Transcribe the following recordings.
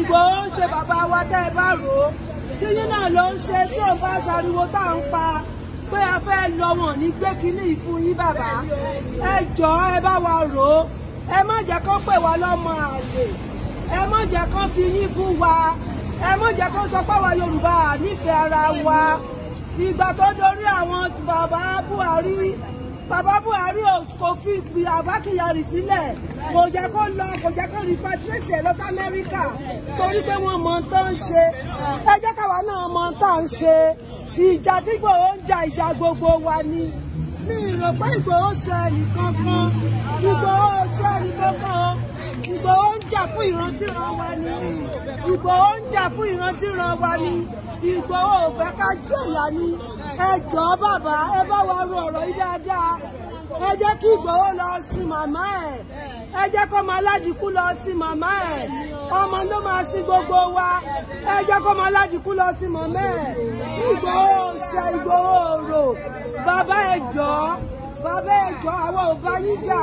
Ìgbòho ń ṣe bàbá wa tẹ́ ẹ bá rò ó tí yín náà ló ń ṣe tí òun bá ṣariwo tá à ń pa pé a fẹ́ lọ wọn ní gbé kínní ìfún yín bàbá ẹ jọ̀ọ́ ẹ bá wa rò ó ẹ má jẹ́ kó pè wá lọ́mọ àlè ẹ má jẹ́ kó fi yín bú wa ẹ má jẹ́ kó sọ pé àwa Yorùbá nífẹ̀ẹ́ ara wa ìgbà tó dorí àwọn bàbá Buhari bàbá Buhari kò fi ìpè Abba Kyari sílẹ̀ kò jẹ́ kó lọ kò jẹ́ kó repatriate ẹ̀ lọ sí Amẹ́ríkà torí pé wọ́n mọ tó ń ṣe ẹ jẹ́ káwa náà mọ tó ń ṣe ìjà tí Ìgbòho ń ja ìjà gbogbo wa ni mi ì pé Ìgbòho ṣe ẹnìkan kan Ìgbòho ṣe ẹnìkan fún ìrandíran wa ni Ìgbòho ń jà fún ìrandíran wa ni Ìgbòho ò fẹ́ ká jẹ̀yà ni ẹ jọ̀ọ́ bàbá ẹ bá wa ro ọ̀rọ̀ yìí dáadáa ẹ jẹ́ kí Ìgbòho lọ sin màmá ẹ̀ ẹ jẹ́ kó máa ládìkú lọ sin màmá ẹ̀ ọmọ ló máa sin gbogbo wa ẹ jẹ́ kó máa ládìkú lọ sin màmá ẹ̀ Ìgbòho ṣe Ìgbòho rò bàbá ẹ jọ̀ọ́ bàbá ẹjọ́ àwọn ò bá yín jà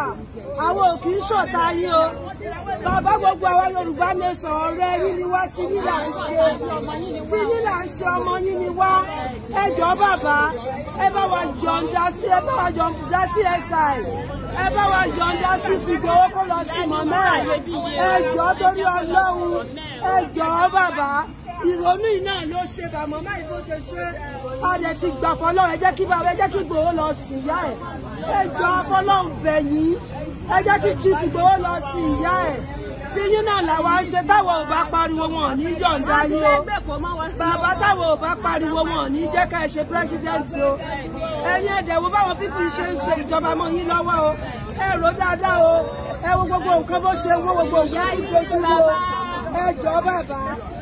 àwọn ò kì í ṣọ̀tá yín o bàbá gbogbo àwọn yorùbá nation ọ̀rẹ́ yín ni wá tí yín là ń ṣe tí yín là ń ṣe ọmọ yín ni wá ẹjọ́ bàbá ẹ bá wa yọ̀ǹda sí ẹ bá wa yọ̀ǹda sí SI ẹ bá wa yọ̀ǹda sí Ìgbòho kó lọ sí mọ̀mọ́ ẹ ẹjọ́ torí ọlọ́run ẹjọ́ bàbá ìrònú iná ló ṣe bàmọ́ máa ìbò ṣe ṣe adẹ ti gbà fọlọ́run ẹ jẹ́ kí bàbá ẹ jẹ́ kí gbòó lọ sí ìyá ẹ̀ ẹ jọ afọlọ́run bẹ̀yìn ẹ jẹ́ kí chief gbòó lọ sí ìyá ẹ̀ tí yín náà làwa ń ṣe táwọn ò bá pariwo wọn ò ní yọ̀ǹda yín o bàbá táwọn ò bá pariwo wọn ò ní jẹ́ ká ẹ ṣe president o ẹ̀yin ẹ̀dẹ̀wò báwọn pípì ṣe ń ṣe ìjọba mọ́ yín lọ́wọ́ o ẹ rò dáadáa o ẹ wo gbogbo nǹkan bó ṣe wó gbogbo nǹkan tí dojú ẹ jọ bàbá.